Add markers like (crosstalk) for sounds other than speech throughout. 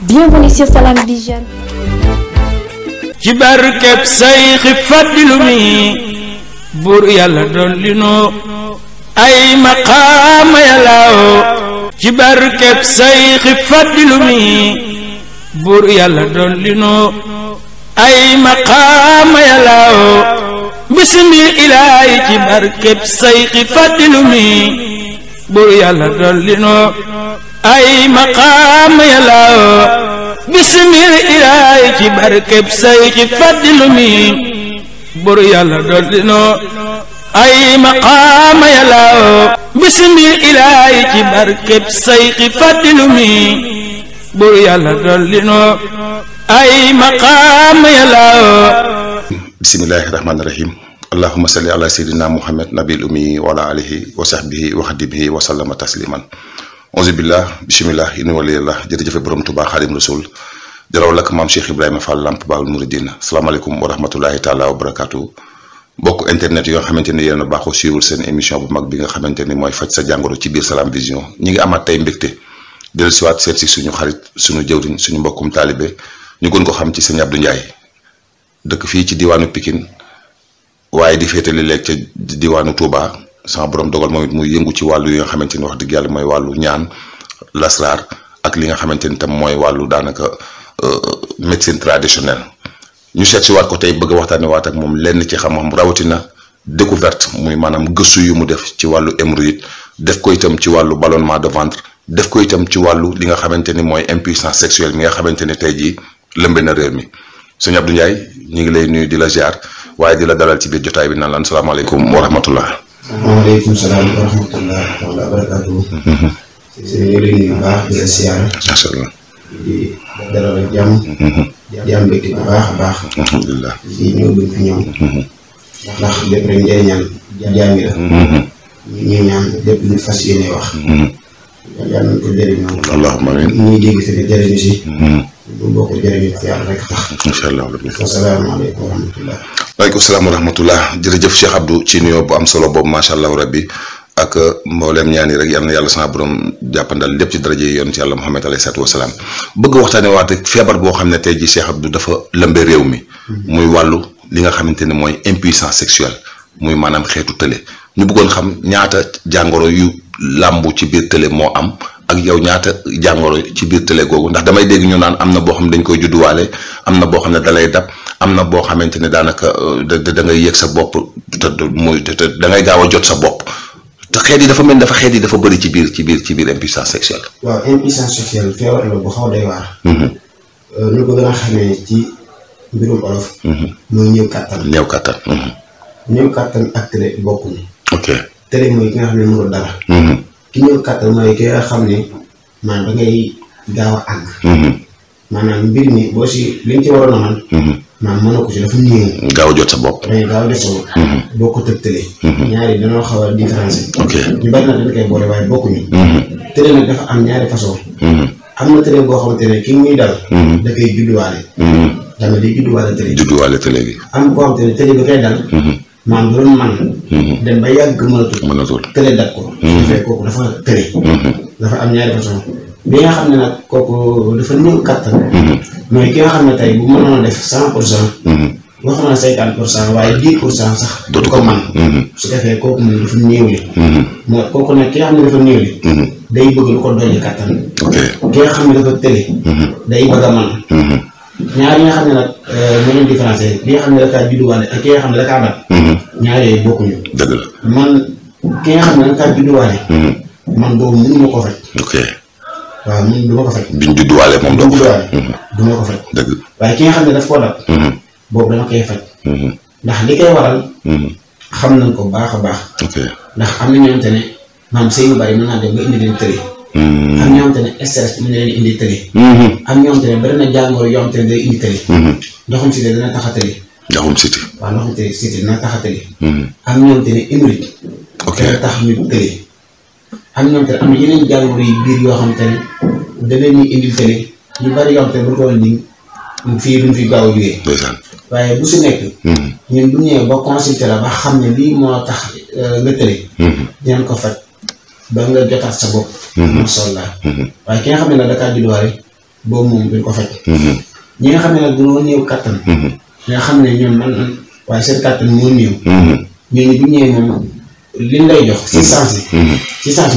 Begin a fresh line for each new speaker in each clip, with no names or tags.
Bienvenue sur Salam Vision. ci barkeb Sayxi Fadilu mi buur yàlla dolli noo ay maqaama yàllaaw ci barkeb Sayxi Fadilu mi buur ay maqaama yàllaaw bismil ci barkeb Sayxi Fadilu mi buur ay maqaam yàllaw bisimil ilaay ci barkeb say ci fàddilu mi bur yàlla dollino ay maqaam yàllaw bisimil ilaay ci barkeb say ci fàddilu mi
bur yàlla dollino
ay maqaam yàllaw
bisimillahi rahmaani rahim allahuma salli ala sayyidina muhammad nabil ummi wa ala alihi wa sahbihi wa xadimihi wa sallama tasliman onze billah bismillah inni waliyallah jërëjëfe borom Tuubaa xaadim rasul jaraw lakk maam Cheikh Ibrahima Fall Lamp Baabul Mouridina salaamaaleykum wa rahmatulahi taala wa barakaatu bokk internet yi nga xamante ni yéen a baaxoo suivre seen émission bu mag bi nga xamante ni mooy faj sa jàngoro ci biir Salam Vision ñi ngi amaat tey mbégte dellu siwaat seet si suñu xarit suñu jëwriñ suñu mbokkum taalibe ñu gën ko xam ci sëñ Abdou Ndiaye dëkk fii ci diwaanu Pikine di féetali léeg ca diwaanu Touba sama borom dogal moom it muy yëngu ci wàllu yi nga xamante ni wax dëgg yàlla mooy wàllu ñaan lasraar ak li nga xamante ni tam mooy wàllu daanaka euh, euh, médecine traditionnelle ñu seet si waat ko tey bëgg a waxtaanee waat ak moom lenn ci xam-xam rawatina découverte muy maanaam gëstu yu mu def ci wàllu hémorroïde def ko itam ci wàllu ballonnement de ventre def ko itam ci wàllu li nga xamante ni mooy impuissance sexuelle mi nga xamante ni tey jii lëmbina na mi sëñ Abdou Ndiaye ñu ngi lay nuyu di la ziar waaye di dalal ci biir jotaay bi naan laan salaamaaleykum wa
waaleykum salaam wa rahmatulah wa barakaatu. sëñ bi ñu baax di siyaara. macha allah di dalal ak jàmm. Mhm. bu baax a baax.
alhamdulilah di ñëw buñ fi ñëw. Mhm.
ndax lépp rek njëriñal jaami la. Mhm. ñu ñaan lépp lu fas yéene wax.
yàlla
nañ ko jëriñoo.
allahumma amiin ñuy dégg tamit jëriñu si. bu bokk jëriñu yàlla rek tax. macha allah wa salaamu aleykum wa rahmatulah. waaleykum salaam wa rahmatullah jërëjëf Cheikh Abdou ci nuyoo bu am solo boobu macha allah rabbi ak euh, mbooleem ñaani rek yal na yàlla sama borom jàppandal lépp ci daraje yi yoon ci yàlla Muhammad alayhi salaatu wasalaam bëgg waxtaane waate feebar boo xam ne tey ji Cheikh Abdou dafa réew mi muy wàllu li nga xamante ne mooy impuissance sexuelle muy maanaam xeetu tële ñu bëggoon xam ñaata jàngoro yu làmbu ci biir tële moo am ak yow ñaata jàngoro ci biir tële googu ndax damay dégg ñu naan am na boo xam ne dañ koy judduwaale am na boo xam ne dalay dab am na boo xamante ne daanaka euh, da da ngay yëg sa bopp te muy te da ngay gaaw a jot sa bopp te xeet yi dafa mel dafa xeet yi dafa bari ci biir ci biir ci biir impuissance sexuelle.
waaw impuissance sexuelle feebar la bu xaw day waar. lu mm-hmm. euh, ko gën a xamee ci mbirum olof. Mm-hmm. mooy néew kàttan.
néew kàttan. Mm-hmm.
néew a mbir mi boo si liñ ci waroon a mën. maanaam mën na ko ci dafa néew. gaaw jot sa bopp. dañuy boo ko tëgtalee. ñaari dañoo xaw a différencier. ok ñu bari na dañ koy boole waaye bokkuñu. Mhm. tëre nag dafa am ñaari façon. Mhm. am na tëre boo xamante ne ki muy dal. Mhm. da koy judduwaale. dama day judduwaale tëre.
judduwaale tëre bi.
am koo xamante ne tëre bi koy dal. maam bu doon man dem ba yàgg mënatul. mënatul tëre dab ko. su fekkee kooku dafa tëre. dafa am ñaari façon. bi nga xam ne nag kooku dafa néew kattan. mooy mhm. ki nga xam ne tey bu mënoon a def cent pour cent. Mhm. wax na cinquante pour waaye dix pour cent sax. ko man mhm. su defee kooku moom dafa néew li. nga xam ne dafa bëgg ko dolli kattan. ki nga xam ne dafa tële. day bëgg a ñaar yi nga xam ne nag euh, moo leen différence bi xam ne da kaa judduwaale ak ki nga xam ne da kaa dal. bokkuñu. dëgg la man ki nga xam ne da kaa judduwaale. man boobu mënuñu ko faj. waaw ñun du ma ko faj. biñ judduwaale moom doo ko faj. Mhm. du ko faj. dëgg waaye ki nga xam ne daf koo dal. Mhm. boobu dama koy faj. Mhm. ndax li koy waral. xam nañ ko baax a baax. ndax am na ñoo xamante ne maam sëy bari am ñoo xamante ne stress na leen indi tëri. am ñoo ne bari na jàngoro yoo ne day indi tëri. ndoxum siti dana tax a tëri. ndoxum siti. waaw ndoxum siti dana tax a tëri. am ñoo xamante ne imurit. ok dana tax ñu tëri. am ñoom te am yeneen jàngoro biir yoo xam te ne ñu leen indil te ñu bari yoo xam te ne bu ko fii duñ fi gaaw a jógee. waaye bu si nekk. Hmm. ñun bu ñëwee ba consulté ba xam ne lii moo tax euh, nga tële. Hmm. dinañ ko faj ba nga jotaat sa bopp. Hmm. macha allah. ki xam ne nag da kaa judduwaale boobu moom ko faj. nga xam ne nag dañoo néew kattan. nga man waaye seen kattan moo néew. ñooñu bu ñëwee moom. liñ lay jox si sens bi. si sens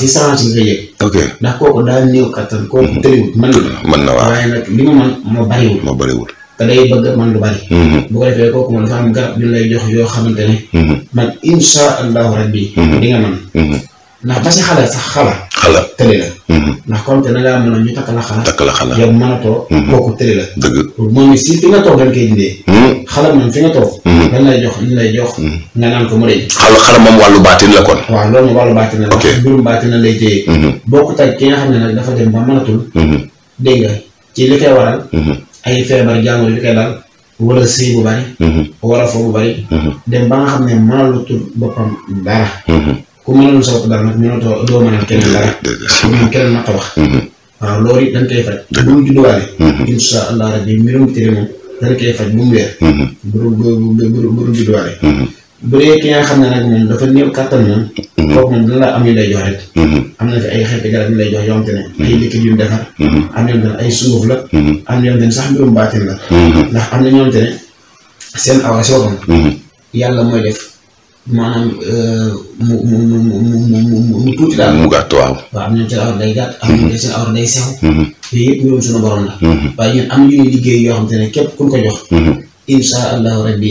si sens bi nga koy mm-hmm. yëg. ok ndax kooku daal néew kattan. kooku mm-hmm. tëriwut mën na. mën waaye li mu mën moo bariwul. moo bariwul. te day bëgg man lu bari. Mm-hmm. bu defee kooku moom dafa am garab liñ lay jox yoo xamante ne. man incha allahu rabbi. di nga ndax ba si xale sax xala. xala tële la. Mm-hmm. ndax comme te na ngaa mën a ñu takk la xala. takk la xala yow mënatoo. Mm-hmm. kooku tële la. dëgg moom it si fi nga toog dañ koy dindee. Mm-hmm. xala moom fi nga toog. dañ lay jox dañ lay jox. nga naan ko la kon. la. ok mbirum baatin la lay téye. bokkut ak ki nga xam ne nag dafa dem ba mënatul. dégg nga ci li koy waral. ay feebar jàngoro li koy dal. wala sëy bu bari. wala fo bu bari. dem ba nga xam ne mënalutul boppam dara. ku mënoon sa bopp dara nag ñu ne doo doo mënal keneen dara. dëgg keneen mat a wax. waaw loolu it koy faj. bu mu judduwaale. incha allah rabi mbirum tere moom dañ koy faj bu mu weer. bu dee ki nga xam ne nag moom dafa néew kàttan moom. kooku moom dina la am yu lay jox rek. am na fi ay xeeti garab yu lay jox yoo ne. ay liquide yu defar. am na ne ay sunguf la. am na ne sax mbirum baatin la. ndax am na ñoo ne seen awa si boppam. yàlla mooy maanaam euh, mu mu mu mu mu mu tuuti daal. mu gàtt waaw. waaw am nañu seen awra day gàtt. Mhm. am nañu seen awra day sew. Mhm. yooyu yëpp ñoom suñu borom la. Mhm. waaye ñun am nañu liggéey yoo xam xamante ne képp kuñ ñu ko jox. incha allahu rabbi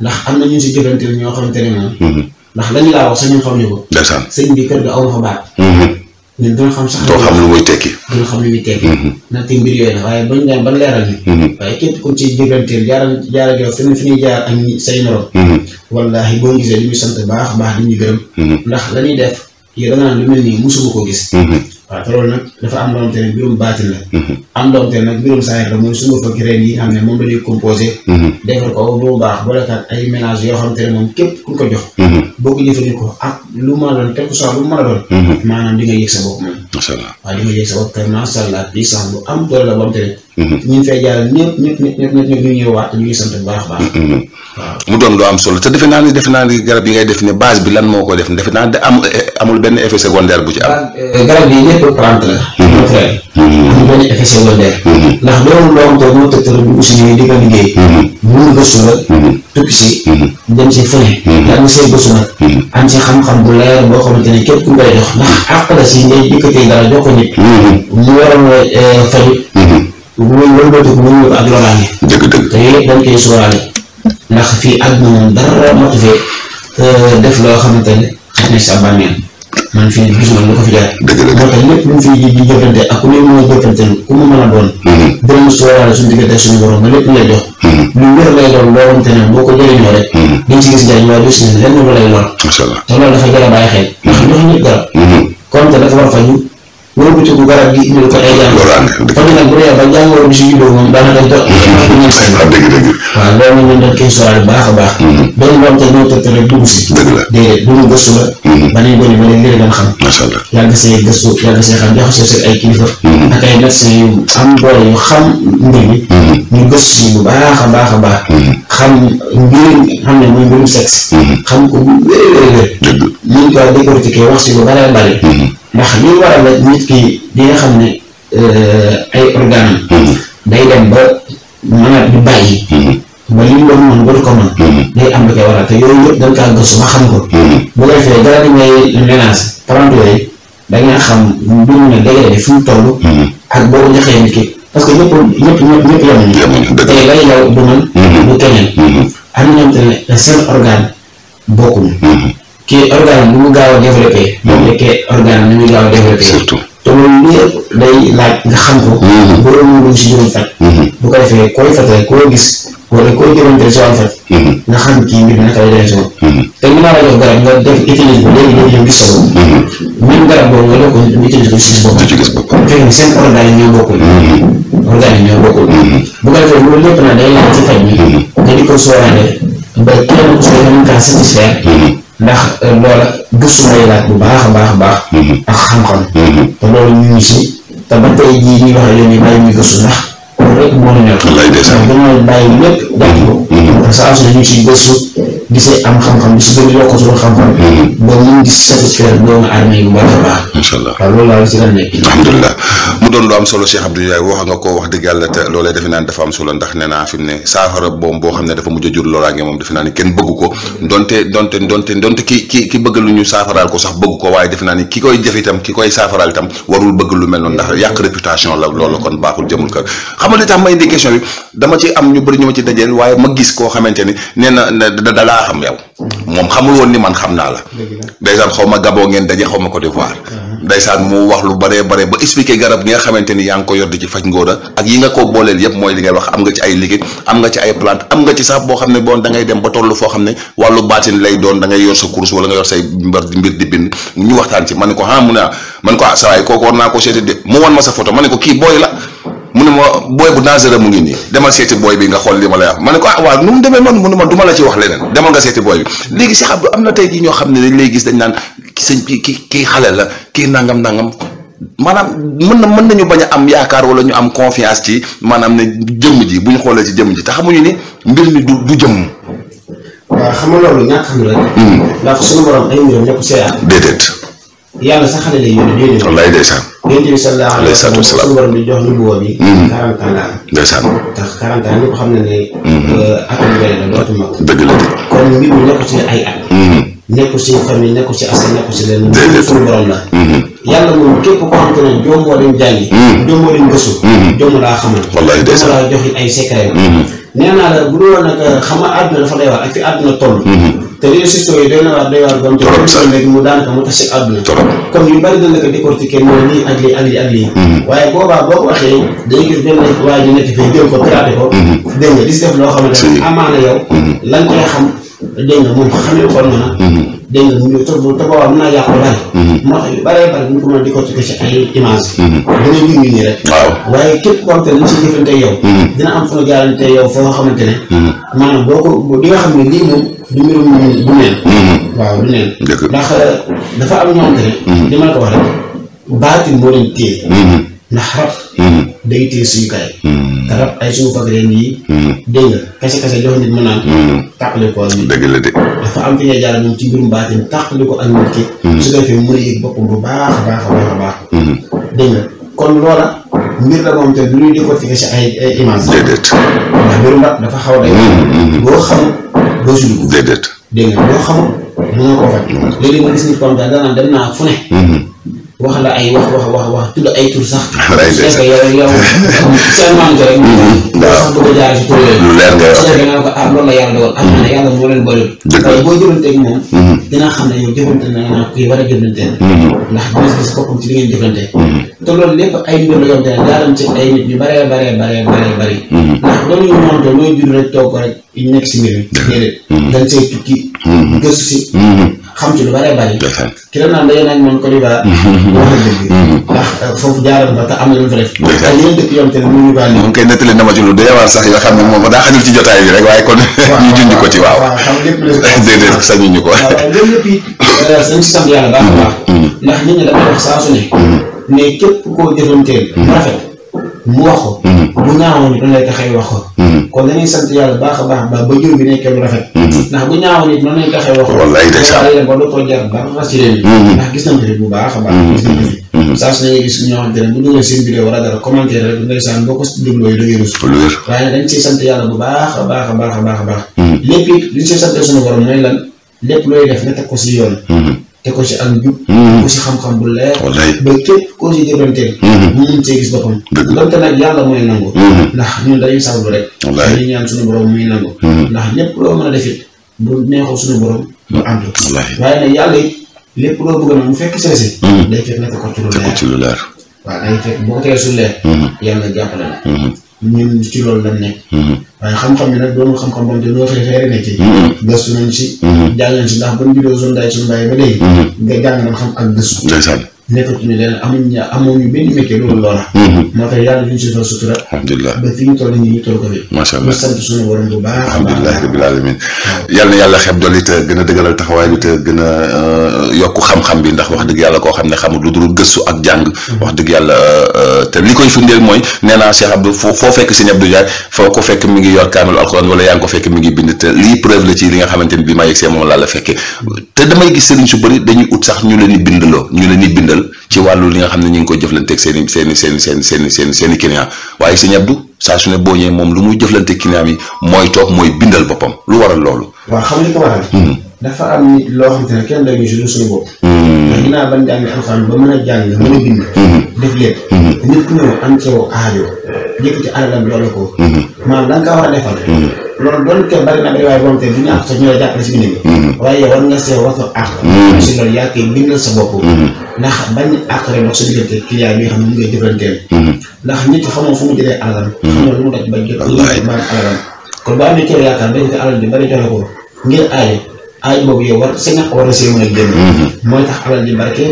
ndax am na ñu si jëfante ñoo xamante ne moom. ndax lañu laa wax sax ñun xam ñu ko. ndeysaan sëñ bi kër ga aw na baat. ñun dina xam sax. doo xam lu muy tekki. dina xam lu muy tekki. Mm-hmm. natt mbir yooyu la waaye bañ naan ban leeral yi. Mm-hmm. waaye képp ku ci jëganteel jaaral jaaral yow fenn fi ñuy jaar ak ñi say morom. Mm-hmm. wallaahi boo gisee li muy sant baax baax di ñu gërëm. ndax la ñuy def yow da nga naan lu mel nii musuma ko gis. waa te loolu nag dafa am loo xamante ne mbirum baatil la. Mhm. am loo xamante ne nag mbirum saayir la mooy suñu fakki reen yi nga xam moom la ñuy composé. Mhm. defar ko bu baax boolekaat ay mélange yoo xamante ne moom képp ku ko jox. Mhm. boo ko jëfandikoo ak lu mën a doon quelque soit lu mën a doon. maanaam di nga yëg sa bopp moom. macha allah waaw di sa bopp te macha allah puissance bu am doole la boo xamante Mhm. ñi fay jaar ñëpp ñëpp ñëpp ñëpp ñëpp ñu ngi waat ñu ngi sant bu baax a baax.
Mhm. waaw mu doon lu am solo te defe naa ni defe naa ni garab yi ngay def ne base bi lan moo ko def defe naa da am amul benn effet secondaire bu ci am.
Eh, garab yi ñëpp plante la. amul mhm. frais. amul benn effet secondaire. ndax loolu loo am toog moo tëdd bu dugg si ñoom di nga liggéey. mun gëstu la. tukki si. dem si fële. yaa ngi see gëstu nag. am si xam-xam bu leer boo xamante ne képp ku ngay dox ndax àq la si ngay yëkkatee dara jox ko nit. mu waroon eh, faju bu ñu wëlbatiku bu ñu ko ak loraane. dëgg dëgg te loo xamante ne xaj na ko fi jaar. dëgg la moo tax lépp lu mu fi di jëfante ak ku a jëfante boo ko jëriñoo rek. dañ dafa jar a bàyyi xel. ndax ñoo dara. comme te dafa war a wëlbatiku garab gi indil ko mm-hmm. ay jàngoro. kon nag bu dee ba jàngoro bi si juddoo moom daanaka jot. ñun sax na dëgg dëgg. waaw baax a baax. doon doon te ñëw tëdd rek si. dëgg la déedéet du mu gëstu la. ba ne lii dañ xam. bu baax a baax a baax. xam mbirum xam ne mooy mbirum sexe. xam mm-hmm. ko bu wér-wér-wér. dëgg ñu ko décortiquer wax si lu bare bare. ndax li waral la nit ki di nga xam ne euh, ay organes mm-hmm. day dem ba mën a di bàyyi mm-hmm. ba li mu doon mën mm-hmm. day am lu koy waral te yooyu yëpp xam ko bu ko defee dara di ngay ménage parent yooyu da nga xam mbir mi dégg di fi mu toll ak boo ko joxee nit ki parce que ñëpp ñëpp ñëpp ñëpp yemuñu tey lay yow du man na ñoom tamit seen organe bokkuñu kii organe bi mu gaaw a développé. moom mm-hmm. la kii organe bi mu gaaw a développé. surtout te loolu yëpp day laaj nga xam ko. Mm-hmm. boo mënul si juróom faj. Mm-hmm. bu ko defee koy faj rek koo gis wala koo jëloon si wàllu faj. nga xam kii mbir naka lay demee si moom. te li ma la jox garab nga def utilise ko léegi léegi yow gis sa bopp. même garab boobu nga def ko utilise ko gis boppam. gis boppam fekk seen organe ñoo bokkul. organe ñoo bokkul. bu ko defee loolu lépp nag day laaj ci faj bi. nga di ko sóoraale ba kenn ku si satisfaire. ndax euh, loola gëstu lay la bu baax a baax baax. Mm-hmm. ak xam-xam. Mm-hmm. te loolu ñu si te ba tey jii ñuy wax ak yéen ñu bàyyi ñu gëstu ndax rek moo ñu ñor. wallaay des na ndax dañoo bàyyi lépp jàpp ko. Mm-hmm. te saa su ne ñu ngi si gëstu. gisee am xam-xam bi mm-hmm. a baax.
macha loolu la si daan nekk. lu solo Cheikh Abdou Ndiaye wax ko wax dëgg yàlla te loolee defe naa ne dafa am solo ndax ne naa fi mu ne saafara boom boo xam ne dafa mujj a jur loolaange moom defe naa ne kenn bëgg ko donte donte donte donte ki ki ki bëgg lu ñu saafaraal ko sax bëgg ko waaye defe naa ni ki koy jëf itam ki koy saafaraal itam warul bëgg lu mel noonu ndax yàq réputation la loolu kon baaxul jëmul kër xam nga li tax ma indi question bi dama ci am ñu bëri ñu ma ci dajeel waaye ma gis koo xamante ni nee na da laa xam yow. moom xamul woon ni man xam naa la. ndeysaan xaw ma Gabon ngeen daje xaw ma Côte d'Ivoire. Uh-huh. ndeysaan mu wax lu baree bare ba expliqué garab gi nga xamante ni yaa ngi ko yor di ci faj ngóora ak yi nga ko booleel yëpp mooy li ngay wax am nga ci ay liquide am nga ci ay plante am xam ne bon da ngay dem ba toll foo xam ne wàllu baatin lay doon da ngay yor sa course wala nga yor say mbir mbir di waxtaan ci man ko ah mu ne ah ko ah saa waay kooku naa ko seeti de mu wan ma sa photo ma ne ko kii booy la mu ne ma booy bu dangereux mu ngi nii demal seeti booy bi nga xool li ma lay wax ma ne ko ah waaw nu mu demee noonu mu ne ma du ma la ci wax leneen demal nga seeti booy bi léegi Cheikh Abdou am na tey jii ñoo xam ne dañ lay gis dañ naan sëñ kii kii kii xale la kii nangam nangam maanaam mën na mën nañu bañ a am yaakaar wala ñu am confiance ci maanaam ne jëmm ji bu ñu xoolee ci jëmm ji te xamuñu ni mbir mi du du jëmm.
waaw xam nga loolu ñàkk xam rek. Hmm. ndax suñu borom ay mbiram ñëpp see am. déedéet. yàlla sa xale lay yónni déedéet. wallaay ndeysaan. yonent bi sallallahu alayhi wa sallam suñu borom di jox ñu boobu bi. 40 mm-hmm. ans la am. ndeysaan ndax 40 ans ñëpp xam na ne. Mm-hmm. Euh, atum benn la dootu dëgg la kon mbir mi nekkul ci ay at. Mm-hmm. nekkul ci famille nekkul ci askan nekkul ci lenn. déedéet suñu borom la. yàlla moom képp koo xamante ne jom moo leen jàngi. jom hmm. moo leen gëstu. jom hmm. laa xamal. wallaay ay secret. Hmm. nee naa la bu dul woon nag xam nga àdduna dafa doy waar ak fi àdduna toll. te réseaux yi doy na waar doy waar mu rek mu daanaka mu yu bari na la ko décortiquer mooy lii ak lii ak lii ak boobaa boo waxee day gis benn waa ji nekk fii jël ko piraté ko. dégg nga di si def loo xamante ne amaana yow. lan ngay xam dégg nga moom xamee ko noonu. dégg nga mu te bu boobaa mën naa yàq lu bari. Mhm. moo tax yu bëree bëri ko mën a ci ay images. Mhm. da ngay gis ñu nii rek. waaw waaye képp koo xamante ne ci jëfante yow. Mhm. dina am fu ñu jaarante yow foo xamante ne. maanaam boo ko di nga xam ne lii moom du neen. waaw du neen. ndax euh, dafa am ñoom ne. li ma la ko wax rek baatin moo leen téye. ndax rab. day téye suñu kaay. garab ay suuf a reen yi. Hmm. dégg nga kese kese jox nit mu naan. Hmm. tàqale ko ak nit. dëgg la de. dafa am fi ñuy jaar moom ci mbirum baatin tàqale ko ak nit ki. Hmm. su ko defee mu mën a yëg boppam bu baax a baax a baax a baax. dégg nga kon loola mbir la moom te du ñuy décortiquer si ay image. déedéet. ndax mbirum rab dafa xaw a day.
boo xamul doo si dem
naa fu ne. wax la ay wax wax wax wax tudd ay tur sax. lay def sax yow yow (laughs) seen manqué rek. waaw du ko jaar ci tur yooyu. lu leer nga wax dëgg la ah loolu la yàlla dogal. am mm-hmm. na ah, yàlla moo leen bëri. dëgg la waaye boo jëflanteeg moom. Mm-hmm. dina xam ne yow jëflante na nga naan kuy war a jëflante. Mm-hmm. ndax dina gis boppam ci li ngeen jëflante. te loolu lépp ay mbir la yoo xam ne daanam ci ay nit ñu baree baree baree baree bëri. ndax loolu ñu mënta looy jur rek toog rek ñu nekk si mbir mi. déedéet dañ say tukki. gëstu si. xam ci lu bëree bëri. ki la naan daje nañ moom Côte d'Ivoire. wax (laughs) dëgg. ndax euh, foofu jaaroon fa te am na lu
fa def. te mu ngi baal moom na ma ci lu doy waar sax yoo xam ne moom daa xajul ci jotaay bi rek waaye kon. (laughs) ñu junj ko ci waaw. waaw xam lépp la (laughs) déedéet sañu ñu ko. waaw loolu lépp it.
Euh, dañ si sant yàlla baax a baax.
Mm-hmm. Mm-hmm. ndax nit ñi dafa wax saa ne.
Mm-hmm. mais képp koo jëfanteel. rafet. mu wax ko. Mm-hmm. bu ñaawoon it dañ lay taxay wax ko. Mm-hmm. kon dañuy sant yàlla baax a baax baax ba jur bi nekkee mm-hmm. ndax bu ñaawoon it noonu lay taxay wax ko. wallaay de saa yi gis nañ ko bu baax a baax. gis nañ ko saa su ne bu dugalee seen vidéo wala dara commentaire rek ndeysaan boo ko dégloo waaye dañ bu baax a a a a baax lépp it li suñu borom mooy lan lépp looy def nga ko si yoon te ko ci ak njub. Mm-hmm. ko ci xam-xam bu leer. wallaay mu mun see gis boppam. Mm-hmm. ndax mm-hmm. a def it mu ànd. wallaay waaye bëgg na mu fekk seese. day fekk nag ko ci lu leer. waaw yàlla jàppale la. ñun ci loolu lañ nekk. Mm-hmm. waaye xam-xam yi nag doonul xam-xam moom te doo fay feere ne mm-hmm. gëstu nañ ci. Mm-hmm. jàll nañ ci ndax buñ juddoo suñu daay suñu bàyyi ba dee. nga jàng nañ xam ak gëstu. ndeysaan. nekkatuñu leen amuñu amuñu benn métier loolu loola. Mhm. moo tax yàlla fi ñu si fa sutura. alhamdulilah ba fi ñu toll nii ñu toll rabbil
alamin yàlla xeeb dolli te gën a dëgëral taxawaay bi te gën a euh, yokk xam-xam bi ndax wax dëgg yàlla koo xam ne xamul lu dul gëstu ak jàng. Mhm. wax dëgg yàlla euh, te li koy firndeel mooy nee naa Cheikh Abdou foo foo fekk Sëñ Abdou Ndiaye foo ko fekk mi ngi yor kaamelu alxuraan wala yaa ngi ko fekk mi ngi bind te lii preuve la ci li nga xamante ni bi ma yegsee moom laa la fekkee mhm. te damay gis sëriñ su bëri dañuy ut sax ñu leen di bindloo ñu leen di jël ci wàllu li nga xam ne ñu ngi koy jëflanteeg seen i seen i seen i seen i seen i waaye sëñ Abdou saa su ne boo ñëwee moom lu mu jëflanteeg client yi mooy toog mooy bindal boppam lu waral loolu.
waaw xam nga li ko waral. dafa am nit loo xam te ne kenn doy ñu si suñu bopp. Hmm. ndax ginnaaw ban jàng alxuraan ba a jàng a hmm. hmm. war a defal. loolu doon te bari na bari waaye bi mm-hmm. waaye war nga see war a àq mm-hmm. sa bopp mm-hmm. ndax bañ àq rek dox sa diggante client ndax nit xamoo fu mu jëlee alalam xamoo lu mu ba jot baan bi bari joxe ko boobu a see mën a génn mooy tax alal ji barke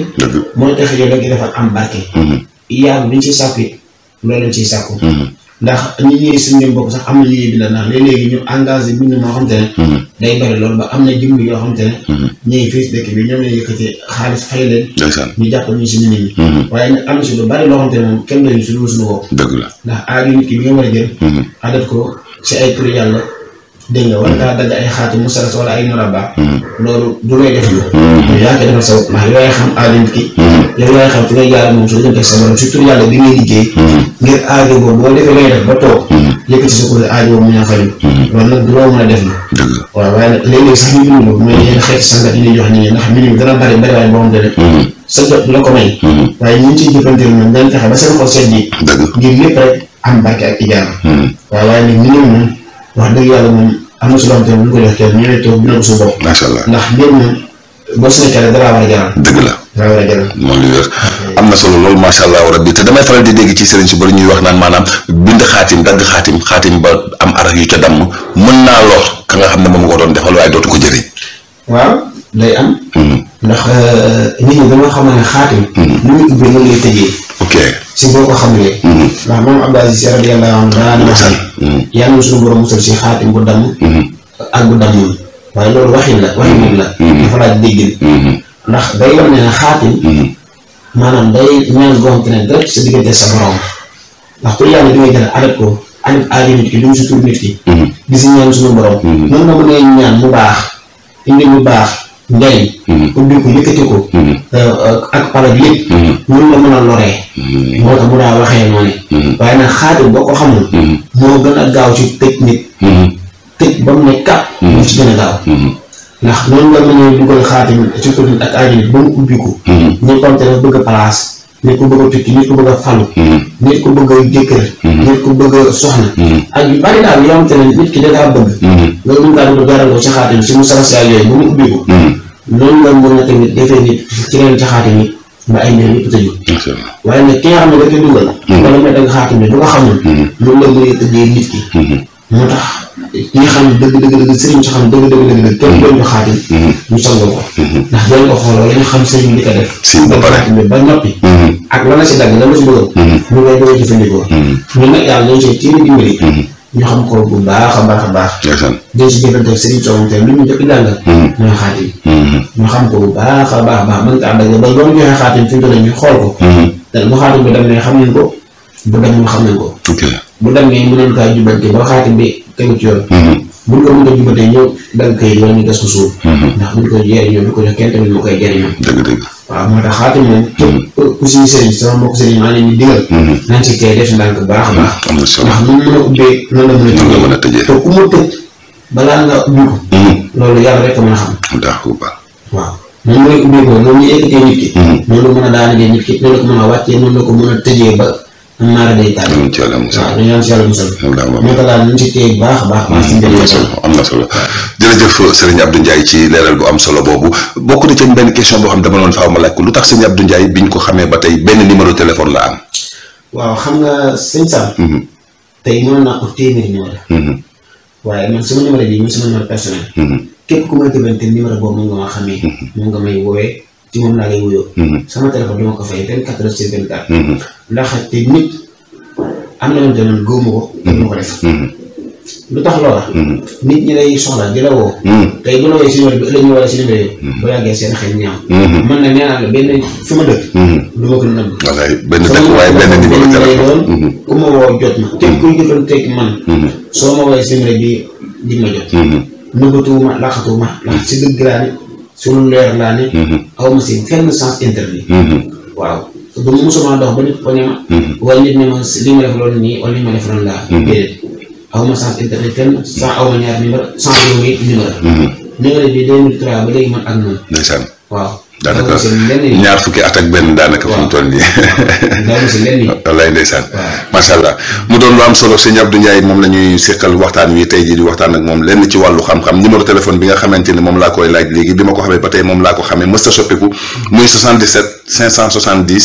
mooy tax yow da nga defar am barke yaa ngi ci sàkku loolu lañ ciy sàkku ndax ñi ñuy suñ ñoom bopp sax am na liggéey bi la ndax léeg-léegi ñu engagé bind moo xam te ne hmm. day bari loolu ba am na jëmm yoo xam te ne hmm. ñu ngi fii dëkk bi ñoom ne yëkkati xaalis fay leen ñu jàpp ñu si nit ñi hmm. waaye am si lu bari loo xam ne moom kenn dañu suñu suñu bopp dëgg la ndax aar yu nit ki bi nga war ko si ay tur yàlla dégg nga war ngaa dagg ay xaati musalas wala ay murabba. Hmm. loolu du lay def loolu. Hmm. yaa ngi koy defal sa bopp ndax yow hmm. sa borom surtout yàlla bi ngay liggéey. ngir aajo boobu boo defee ngay def ba toog. yëkkati sa kuréel aajo boobu a faju. loolu nag du loo a def la. waaw waaye nag léeg-léeg sax ñu bind ko mais yéen jox nit ñi ndax bari bari waaye boo xam ne sa jot la ko may. waaye ñi ñu ciy jëfanteel ñoom dañ fexe ba seen xol seen
ngir
lépp rek am barke ak ijaar. waaw waaye nag ñu wax dëgg yàlla moom am na solo am tamit allah ndax mbir moom
dëgg la. moom li wér na solo loolu macha allah rabbi te damay faral di dégg ci sëriñ si bari ñuy wax naan maanaam bind xaatim dagg xaatim xaatim ba am araf yu ca damm mën naa lor ka nga xam ne moom nga ko doon defal waaye dootu ko jëriñ.
waaw day am. Hmm. ndax euh, nit ñi dañoo xamal ne xaatim. Mm-hmm. lu muy ubbee noonu lay tëjee. ok si boo ko xamulee. Mm-hmm. ndax maam Abdou Aziz radiyallaahu anhu daan na wax yal mm-hmm. na suñu borom musal si xaatim bu damm. ak bu damm waaye loolu waxin la waxin nit la. dafa laaj déggin. ndax day wan ne ne xaatim. maanaam day ñaan goo xam te sa diggante sa borom ndax pour yàlla di ngay jël adat ko adat nit ki lu si tur nit ki. di si ñaan suñu borom. noonu la mënee ñaan mu baax indi mu baax. ndey ubbi ko yëkkati ko mm-hmm. euh, ak pala bi mm-hmm. noonu la mën a loree mm-hmm. moo tax bu daa waxee noonu waaye nag xaatim boo ko xamul moo gën a gaaw ci tëj nit tëj ba mu ne kàpp mu gën a gaaw ndax noonu nga mën a dugal xaatim surtout ak aaju ba mu ubbi ko ñu compte na bëgg nit ku bëgg a tukki nit ku bëgg a falu hmm. nit ku bëgg a jëkkër hmm. nit ku bëgg a hmm. ak yu bari daal yoo xamante ne nit ki da bëgg loolu mun kaa dugg garal ko ci xaatim si mu sarasial yooyu bu mu ubbi ko loolu nga mën na tamit defee nit ci leen ci xaatim yi ba ay ñoom yëpp tëju waaye nag ki nga xam ne dafay dugal wala may danga xaatim ko xamul nit ki moo tax ñi nga xam ne dëgg dëgg dëgg sëriñ si xam dëgg dëgg dëgg kenn doon mm-hmm. ñu xaatim ñu sangal ko mm-hmm. ndax dañ ko xooloo lañu xam sëriñ bi di ko def ba xaatim bi ba noppi mm-hmm. ak la na si dagg la na si bëggoon ñu ngay doon jëfandikoo ñun nag yàlla dañ see tiiri dimbali ñu xam ko bu baax a baax a baax dañ si jëfandikoo sëriñ soxna tey lu ñu jëkk jàngal ñooy xaatim ñu xam ko bu baax a baax a baax mën nga ànd ak ba loolu ñooy xaatim fi ñu ko ñu xool ko te bu xaatim bi dem ne xam nañ ko bu dem xam nañ ko. bu dem ngay mënoon kaa jubante ba xaatim bi tegu ci yoon. Mhm. buñ ko mën a jubante ñëw yoon ñu des ko suuf. Mhm. ndax mhm. digal. nañ si tey def ndànk baax a ndax mën na a tëjee te ubbi a a xam. waaw. moom mooy ubbee ko noonu ñu ekkatee nit ki. noonu la a daanee nit ki noonu la a wàccee noonu ko mën a tëjee ba am naa la day taal. am na ci yàlla musal a baax. baax mm,
am na solo ci leeral bu am solo boobu bokk na ci benn boo xam dama doon faaw ma laaj ko lu tax Serigne Abdou Ndiaye biñ ko xamee ba tey benn numéro téléphone la am.
waaw xam nga sëñ Sam. Mm-hmm. tey mënoon naa ko téeméeri numéro. Mm-hmm. waaye man sama numéro bii moom sama numéro personnel. Mm-hmm. képp ku may jëfandikoo numéro boobu moom nga ma xamee. moom nga may woowee. ci moom laa lay wuyoo. Mhm. sama téléphone dama ko fay vingt quatre heures sur vingt quatre. Mhm. te nit am na yoon tamit góobu ko. dama mhm. ko def. lu tax loola. nit ñi lay soxla di la woo. tey bu la wooyee si numéro bi yi. bu yàggee seen xel ñaaw. man nag nee la benn fi ma dëkk. du ko nëbb. wallaay benn dëkk waaye benn numéro ku ma woo jot ma. te kuy jëfandikoo man. soo ma wooyee si numéro bi di ma jot. nëbbatuwuma laqatuwuma ndax si dëgg laa ne. su lu leer laa ne. Mhm. aw ma si fenn sens interdit. Mhm. waaw ba mu musuma dox ba nit ko ma. Mhm. wala nit ne ma li ma loolu nii wala ma def laa. déedéet aw ma sens interdit fenn sans aw ma ñaar numéro sans yooyu numéro. numéro bi 2003 ba léegi man ak noonu. waaw. daanaka ñaar
fukki at ak benn daanaka fu mu toll nii. wallaay ndeysaan macha allah mu doon lu am solo sëñ Abdou Ndiaye moom la ñuy seqal waxtaan wi tey ji di waxtaan ak moom lenn ci wàllu xam-xam numéro téléphone bi nga xamante ne moom laa koy laaj léegi bi ma ko xamee ba tey moom laa ko xamee mës ta soppiku muy 77 570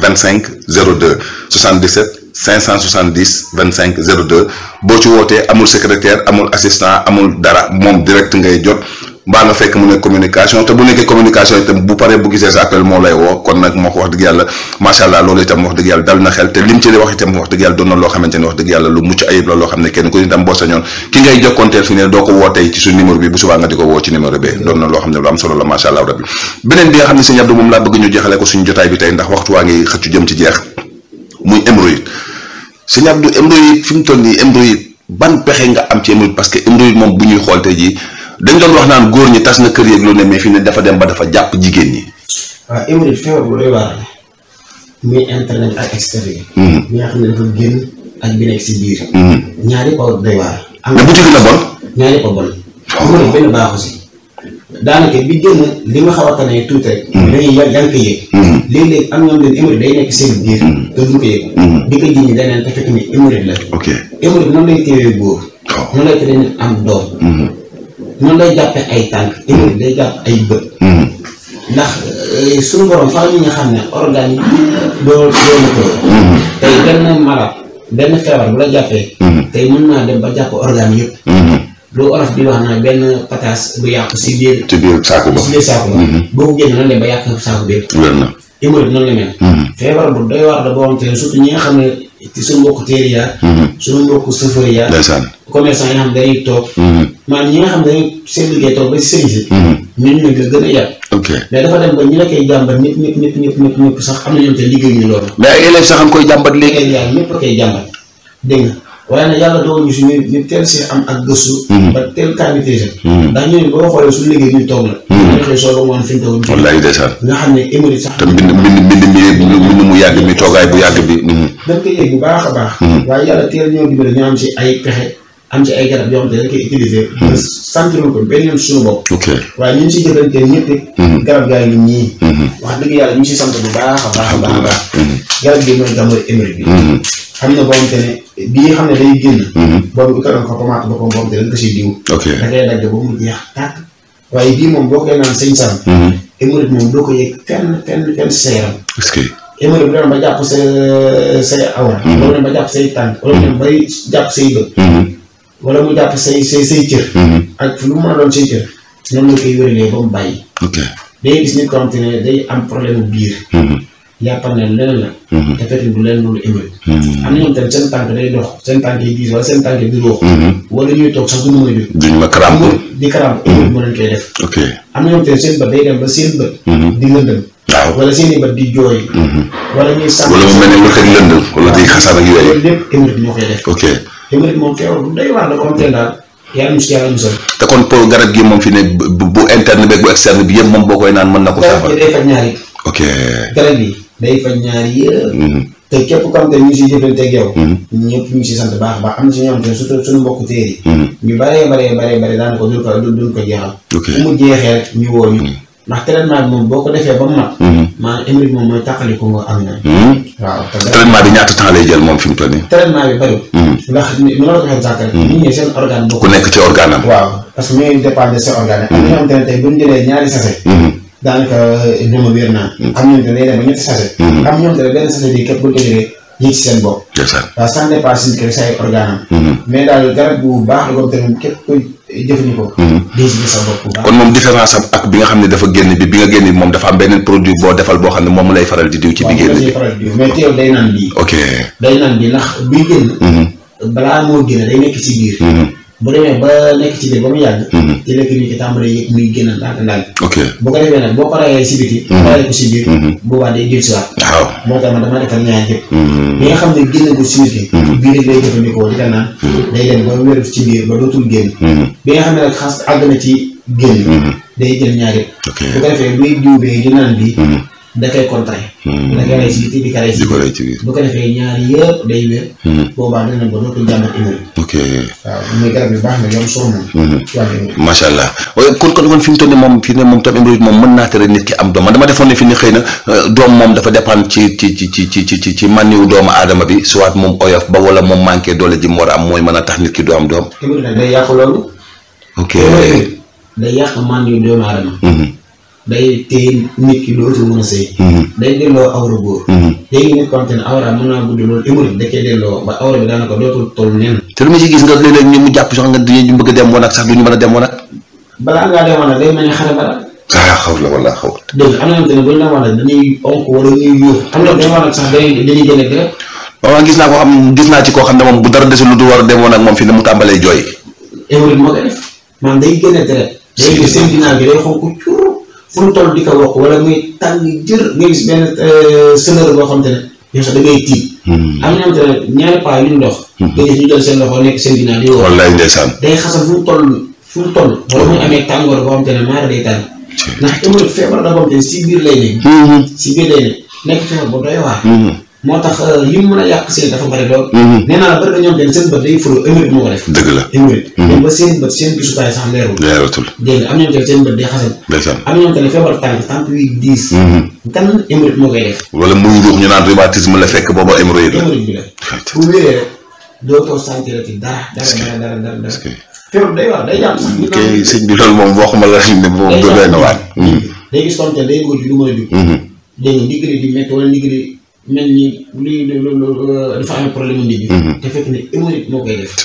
25 02 77 570 25 02 boo ci wootee amul secrétaire amul assistant amul dara moom direct ngay jot. mbaa nga fekk mu nekk communication te bu nekkee communication bu paree bu gisee sa appel moo lay woo kon nag moo ko wax dëgg yàlla macha allah loolu itam wax wax dëgg yàlla lu mucc ayib la loo xam ne kenn ku itam boo sañoon ki ngay jokkoonteel fi ne doo ko woo tey ci suñu numéro bi bu subaa nga di ko woo ci numéro bi doon na loo xam ne lu am solo la macha allah rabbi beneen bi nga xam ne sëñ Abdou moom laa bëgg ñu jeexale ko suñu jotaay bi tey ndax waxtu dañ doon wax naan góor ñi tas na kër yeeg lu ne mais fi ne dafa dem ba dafa jàpp jigéen ñi.
waaw émiré internet ak extérieur.
Hmm. bi xam
ne dafa génn ak bi nekk si biir. Hmm. ñaari ko doy waar. am na bu ci gën bon. ñaari ko bon. waaw ah. benn baaxu si. bi génn li ma xaw a tane tuuti rek. Hmm. dañuy yëg. léeg-léeg am ñoom leen émiré day nekk seen biir. te du ko yëg. di ko ji ñu leneen te fekk ni émiré la. ok émiré noonu lay teewee góor. Oh. noonu lay teewee am doom. noonu lay jàppee ay tànk indi day jàpp ay bët hmm. ndax euh, suñu borom sax ñu nga xam ne organe yi doo doonu hmm. ko la jàppee hmm. tey dem ba jàpp organe wax naa benn bu yàqu si biir
si biir saako ba si biir saako
ko génne noonu dem da boo te surtout ñi nga xam ne ci suñu mbokku téeri yaa suñu mbokku chauffeur yaa commerçant yi xam ne toog maanaam ñi nga xam ne dañuy seen liggéey toog ba sëriñ si ñun nag la a yàgg ok mais dafa dem ba ñi la koy am na ñoom te liggéey ñu loolu mais a koy si ñu ñu teel si am ak gëstu mm-hmm. ba teel qualité mm-hmm. ndax ñun boo xoolee la mm-hmm. ñu xëy soo woon fi ñu toog
wallaay nga xam
ne émeri sax te mbind mbind
mbind mu yàgg mi toogaay bu yàgg bi
ba koy yëg bu baax a baax si ay pexe am ci ay garab yoo xam ne dañ koy utiliser. te sentir ko benn yoon suñu bopp. waaye ñu ci jëfandikoo ñëpp it. Mhm. garab gaa ngi ñii. Mhm. wax dëgg yàlla ñu ngi bu baax a baax a baax mhm. garab gi mooy gamooy émeri bi. xam na boobu te ne bii xam ne day génn. boobu bu ko doon ko commencé ba ko te dañ ko diw. ok da ngay dagg ba mu jeex tàkk. waaye bii moom boo koy naan sëñ Sam. émeri moom doo ko yegg fenn fenn fenn sa yaram. est-ce que. émeri ba jàpp sa say awra. wala dem ba jàpp say tànk. wala mu jàpp say say say cër. Mhm. ak fu mu mën a doon say cër. noonu la koy wéralee ba mu bàyyi. ok day gis nit ko xam te day am problème biir. Mhm. yàppal na leneen la. Mhm. te fekk du leen loolu émul. am na ñoom tamit seen tànk day dox seen tànk yi diis wala seen tànk a seen bët day dem ba seen bët. di lëndëm. waaw seen i bët di jooy. wala ñuy sànq wala mu mel ne lu teg lëndëm. wala di xasaan ak yooyu. loolu lépp émul bi def. ok. hémorroïde moom feebar bu doy
te kon pour gi moom fi ne bu interne beeg bu externe bi yëpp moom boo naan mën na ko. saafara day faj ñaari. ok
garab yi day faj mm-hmm. te képp ku am te si siy jëflanteeg yow. Mm-hmm. ñëpp ñu a am na si ñoo xam te surtout ñu mm-hmm. baree baree baree baree daan ko duñ ko duñ ko jeexal. ok mu jeexee ñu woo ñu. ndax traitement bi moom boo ko defee ba mu mat. Hmm. maanaam hémorroïde moom mooy tàqali ko nga am na. Hmm. waaw hmm. ñaata temps jël moom fi mu toll nii. traitement bi bëriwul. ndax la ko waxee sànq rek. seen organe bokk. ku nekk ci organe am. waaw parce que mu ngi dépendre de sa organe. am na ñoo xamante ne tey bu ñu jëlee ñaari sachet. daanaka euh, duma wér naa. am na ñoo xamante ne day dem ba ñetti am na ñoo xamante ne benn sachet bi bu ñu ko yëg seen bopp. waaw mhm. mais daal garab bu baax la ko tamit képp mhm. sa kon
moom différence am ak bi nga xam ne dafa génn bi bi nga génn moom dafa am beneen produit boo defal boo xam ne moom lay faral di diw ci bi génn
bi mais teew day naan bii. day naan bii ndax buy mhm. balaa moo génn day nekk ci biir. boo demee ba nekk ci biir ba mu yàgg. i lekk bi ci tàmbali yëpp muy génn ndànk ndànk. ok bu ko defee nag boo ko rayee si biti. rayee mhm. ko si biir. Mhm. moo tax man damaa defal mhm. bi nga xam ne génn ko si biti. biir rek lay jëfandikoo di ko naan. ci biir ba dootul génn. bi nga xam nag xas ci génn. day jël ñaar yëpp. ko defee muy diw di naan bii. da koy contrer. Hmm. da koy rey si biti di ko rey si biir bu ko defee ñaari yëpp day wér. Hmm. boobaa dana ba dootul jàmbat immune. ok waaw muy garab yu baax na ñoom soo moom.
macha allah kon kon kon fi mu toll nii moom fi ne moom tam hémorroïde moom mën naa tere nit ki am doom man dama defoon ne fi ne xëy na euh, doom moom dafa dépendre ci ci ci ci ci ci ci maniwu doomu aadama bi soit moom oyof ba wala moom manqué doole ji mu war a am mooy mën a tax nit ki du am doom.
hémorroïde nag day yàq loolu. ok day yàq maniwu doomu aadama. Hmm. day téye nit ki dootu mën a sëy mhm. day delloo awra góor léegi nit konte ne awra mën naa gudd loolu émori da ba awra bi daanaka
ma si gis nga léeg-léeg ñu mu jàpp sax nga duñu bëgg a dem woon ak sax duñu mën a dem woon ak
balaa ngaa day
la ah, wala xaw dégg am na te ne buñu la wax dañuy onk wala ñuy yóof na demoon ak sax dañuy dañuy génne dara waaw gis naa ko xam gis naa ci koo xam ne moom bu dara desul lu du war a demoon ak moom fi ne mu tàmbalee jooy
émori moo ko def maanaam day génne dara léegi seen ginnaaw bi day xaw ko fu mu toll di ko wax wala muy tàng jër nga gis benn euh, sënër boo xam te ne ñoom sax da hmm. am na ñoo xam ne ñaari paa yu ñu dox. Hmm. nga gis ñu jël seen loxo nekk seen ginnaaw di woo. wallaay ndeysaan. day xasal fu mu toll fu mu toll. wala muy amee tàngoor boo xam te ne maar day tàng. ndax itamit feebar da boo xam te ne si biir lay ne. Hmm. si biir lay ne nekk feebar bu doy waar. moo tax li mu mën a yàq seen dafa bari lool. nee naa la bari na ñoom benn seen bët day fulu émiré moo ko def. dëgg la émiré. ba seen bët seen gisukaay sax leerul. am ñoom tamit day xasan. ndeysaan am ñoom tamit feebar tànk tànk koy def.
wala muy ruux ñu naan rhumatisme la fekk booba émiré la.
émiré bi la bu wéree day waar day yàq kay
sëñ bi loolu moom waxuma la ne moom du doy na
day gis comme tey day lu mën a jóg. mel ni lii dafa am problème ndig. Mhm. te fekk ne hémorroïde moo koy def.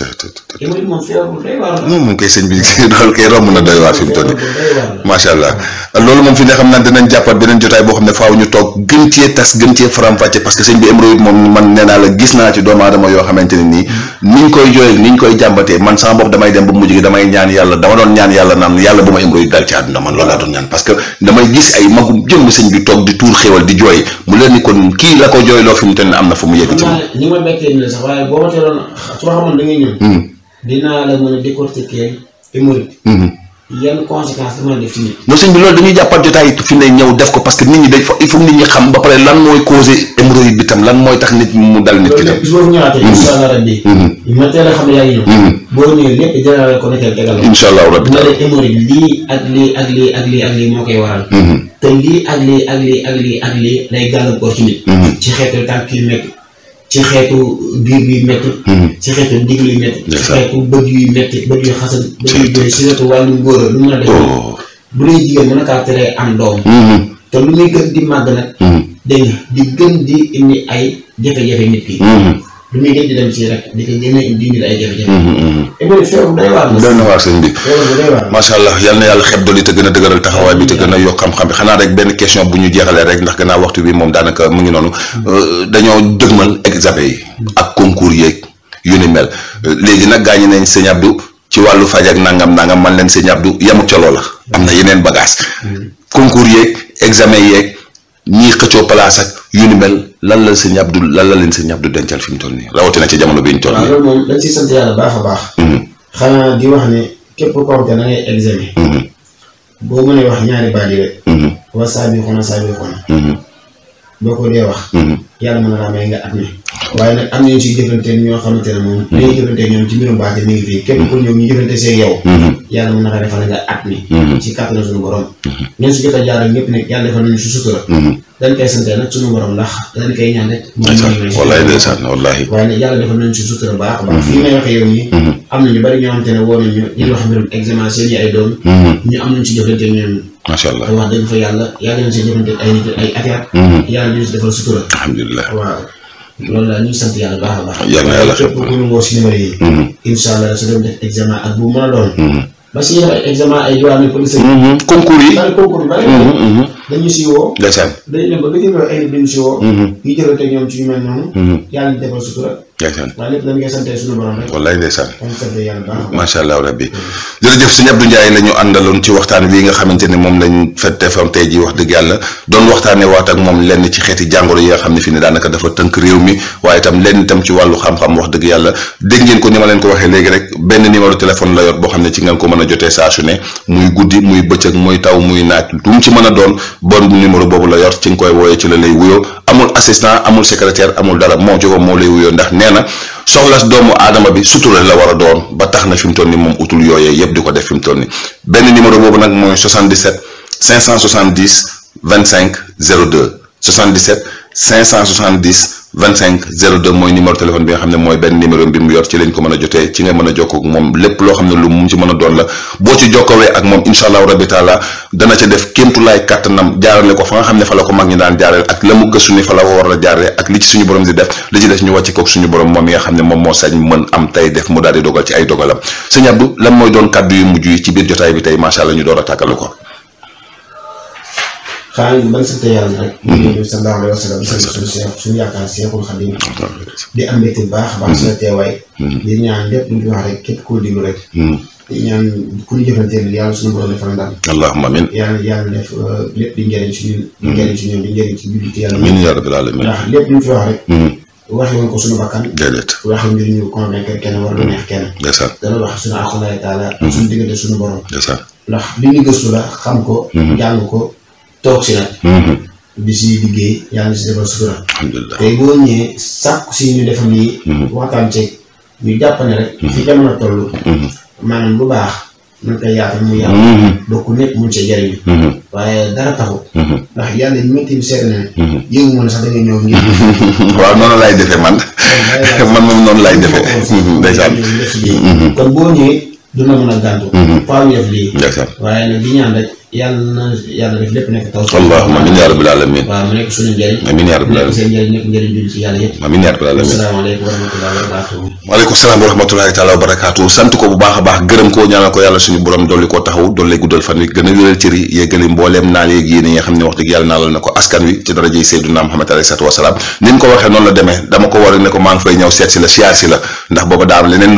hémorroïde moom feebarul doy waar
la. non moom kay sëñ bi loolu (laughs) kay romb na doy waar fi mu toll nii. macha allah loolu moom fi nga xam ne dinañ jàppaat beneen jotaay boo xam ne faaw ñu toog gën cee tas gën cee faram-fàcce parce que sëñ bi hémorroïde moom man nee naa la gis naa ci doomu aadama yoo xamante ne nii. niñ koy jooyee niñ koy jàmbatee man sama bopp damay dem ba mujj gi damay ñaan yàlla dama doon ñaan yàlla naan yàlla bu ma hémorroïde daal ci àdduna man loolu laa doon ñaan parce que damay gis ay magum jëmm sëñ bi toog di tuur xéwal di jooy mu leen ni kon kii la koo jooyloo fi mu am na fu mu yegg ci moom.
ni ma méttee nii sax waaye boo ma teeloon su ma xamoon da ñëw. Hmm. dinaa la mën a décortiquer hémorroïde. Hmm. yan conséquences la mën a def ci nit.
non sëñ bi loolu dañuy jàppaat jotaay fi ne ñëw def ko parce nit ñi dañ fa nit ñi xam ba pare lan mooy causé hémorroïde bi tam lan mooy tax nit mu dal nit ki tam.
loolu lépp mm-hmm. incha allah rabbi. Mm-hmm. ma teel a xam yaa ngi ñëw. Mm-hmm. boo la. incha allah rabbi lii ak lii ak lii ak lii ak lii moo koy waral. te lii ak lii ak lii ak lii ak lii lay gàllankoor ci nit. ci xeetu tànk yu nekk. ci xeetu biir mhm. yuy métti. ci xeetu ndiglu yuy métti. ci xeetu bëgg yuy métti bëgg yu xasan. bëgg yu bëri si wetu wàllu ngóor lu mën a def. Oh. bu dee jigéen mën a kaa teree am doom. Mhm. te lu muy gën di màgg nag. Mhm. dégg di gën di indi ay jafe-jafe nit ki. bi muy gën di dem a indi mm-hmm, mm-hmm. waar. doy bi
macha allah yal na yàlla xeb dolli te gën a dëgëral taxawaay bi te gën a yokk xam-xam bi xanaa rek benn question bu ñu jeexalee rek ndax gannaaw waxtu bi moom daanaka mu ngi noonu euh, dañoo dëgmal examen yi. ak concours yeeg yu ni mel euh, léegi nag gaañu nañ sëñ Abdou ci wàllu faj ak nangam nangam man leen sëñ du yamut ca loola. Mm-hmm. am na yeneen bagage concours yeeg examen yeeg ñiy xëccoo place ak yu ni mel lan la sëñ Abdou lan la leen sëñ Abdou dencal fi mu toll nii rawatina ci jamono bi ñu toll nii. laa
loolu moom dañ ciy sant yàlla baax a baax. Mm-hmm. xanaa di wax ne képp koo xam na ngay examen. Mm-hmm. boo mënee wax ñaari baat yi rek. Mm-hmm. wa saabiquuna saabiquuna. boo ko dee wax. yàlla mën na laa may nga at mi. waaye nag am na ñu si jëflante ñoo xamante ne moom dañuy hmm. jëflante ñoom ci mbirum baax mi ngi fii képp ku ñëw hmm. yàlla na ko defal nga at mi hmm. ci kàttan suñu borom a jaar yàlla si sutura suñu borom ndax dañ koy ñaan rek wallaahi ndeysaan wallaahi waaye nag yàlla defal nañu si sutura baax baax am nañu bari ñoo xamante ne woo ñu ay doom ñu am nañu si jëflante macha allah wax dëgg fa yàlla yàlla nañu si jëflante ay nit ay at yàlla nañu si defal sutura alhamdulilah loolu daal ñu sant baax a baax. yàlla na yàlla xepp ku ñu ngoo si numéro yi. allah sa doon def examen ak bu mu mën a mm-hmm. ba si def examen ay douane police. Mm-hmm. concours yi mm-hmm, dañu si woo. ndeysaan dañu dem ba gëj a ay nit dañu si woo. ñu jëloon ñoom ci yu mel noonu. yàlla defal sutura. ndeysaan waaye lépp dañ koy
santee allah rabbi jërëjëf sëñ Abdou Ndiaye la ñu àndaloon ci waxtaan wi nga xamante ne moom lañ fette fam tey ji wax dëgg yàlla doon waxtaanee waat ak moom lenn ci xeeti jàngoro yi nga xam ne fi ne daanaka dafa tënk réew mi waaye itam lenn itam ci wàllu xam-xam wax dëgg yàlla dégg ngeen ko ni ma leen ko waxee léegi rek benn numéro téléphone la yor boo xam ne ci ngeen ko mën a jotee saa su ne muy guddi muy bëccëg muy taw muy naaj lu ci mën a doon bon numéro boobu la yor ci nga koy wooyee ci la lay wuyoo amul assistant amul secrétaire amul dara moo na soxlas doomu aadama bi sutura la war a doon ba tax na fi mu toll ni moom utul yooyee yëpp di ko def fi mu toll ni benn numéro boobu nag mooy vingt 77 570 25 02 77 570 25 02 mooy numéro téléphone bi nga xam ne mooy benn numéro bi mu yor ci lañ ko mën a jotee ci nga mën a jokkoo ak moom lépp loo xam ne lu mu a la boo ci jokkowee ak moom incha allahu rabi ko fa nga xam ne fa la ko ak la mu gëstu ni fa la war a jaarale ak li ci suñu borom di def li ci def ñu wàcce kook suñu borom moom mi nga xam ne moom moo sañ mën am tey def mu daal di dogal ci ay dogalam sëñ Abdou lan mooy doon kàddu yu mujj yi ci biir jotaay bi tey macha allah ñu door a ko
xanaa ñu mën sant yàlla rek. ñu sallallahu alayhi wa sallam suñu seex suñu yaakaar seexul xadim di am mbégte bu baax a baax suñu teewaay. Mm-hmm. di ñaan lépp lu ñu wax rek képp koo déglu rek. Mm-hmm. di ñaan ku ñu jëfanteel yàlla suñu borom defal ndam. allahumma amiin yàlla yàlla def euh, lépp di njëriñ ci ñun. di mm-hmm. njëriñ ci ñoom di njëriñ ci biir yàlla. amiin yaa rabbil aalamiin ndax lépp lu ñu fi wax rek. waxee woon ko suñu bakkan. déedéet wax ngir ñu convaincre kenn war na neex kenn. ndeysaan dana wax suñu akulaay taala. suñu diggante suñu borom. ndeysaan ndax li ñu gëstu la xam ko. jàng ko toog si nag. Mhm. di si liggéey yaa ngi si defal sutura. alhamdulilah tey boo ñëwee sàkku si ñu defal nii. Mhm. waxtaan ci ñu jàppane rek. Mhm. fi jamono toll. maanaam bu baax nañ koy yaatal mu yàlla. donc nekk mun see seet na ne. yéegu moom sax da ngay ñëw ngir. (laughs) waaw noonu laay defee man. (laughs) man moom noonu laay defee. (laughs) ndeysaan kon boo ñëwee dina mën a gàntu. faaw ñu def lii. waaye nag di ñaan rek. yàlla na yàlla def lépp nekk taw. allahumma amiin yaa rabbil aalamiin. waaw mu nekk suñu njëriñ. amiin yaa rabbil aalamiin nekk seen
njëriñ nekk sant ko bu baax a baax gërëm ko ñaanal ko yàlla suñu borom dolli koo taxaw dolli guddal fan wi gën a wéral cër yi yeggali ne wax dëgg yàlla na ko askan wi ci daraja ko waxee noonu la demee dama ko war a ne ko maa ngi fay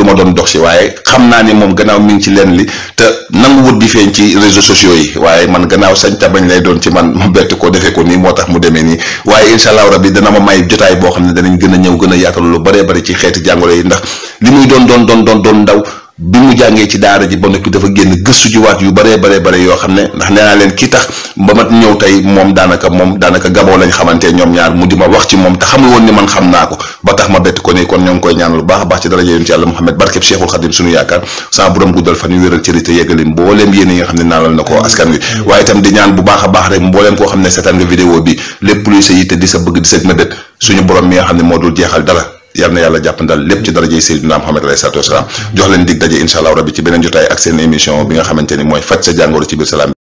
ma doon dox si waaye xam naa ni moom gannaaw mi ngi ci leen li te nangu wut bi feeñ ci réseaux sociaux yi waaye man gannaaw sañta bañ lay doon ci man ma bett ko defee ko nii moo tax mu demee nii waaye incha allah rabbi dana ma may jotaay boo xam ne danañ gën a ñëw gën a yaatal lu baree bari ci xeeti jàngoro yi ndax li muy doon doon doon doon doon ndaw bi mu jàngee ci daara ji ba noppi dafa génn gëstu ji waat yu baree baree bare yoo xam ne ndax nee leen kii tax ba ma ñëw tey moom daanaka moom daanaka gaboo lañ xamante ñoom ñaar mu di ma wax ci moom te xamul woon xam naa ko ba tax ko ne kon ñoo ngi ñaan lu baax a baax ci daraja yonent Yàlla Muhammad barkeb Cheikhul Khadim suñu yaakaar sa borom guddal yi ko askan wi mm-hmm. waaye ñaan bu baax a baax rek mbooleem koo xam ne seetaan nga vidéo bi lépp luy sa yitte di sa bëgg di sa mébét suñu borom mi nga xam ne moo dul jeexal dara yal na yàlla jàppandal lépp ci darajey Seydina Muhammad alayhi salaatu wasalaam mm-hmm. jox leen dig daje incha allah rabbi ci beneen jotaay ak seen émission bi nga
xamante ni mooy faj sa jàngoro ci biir Salam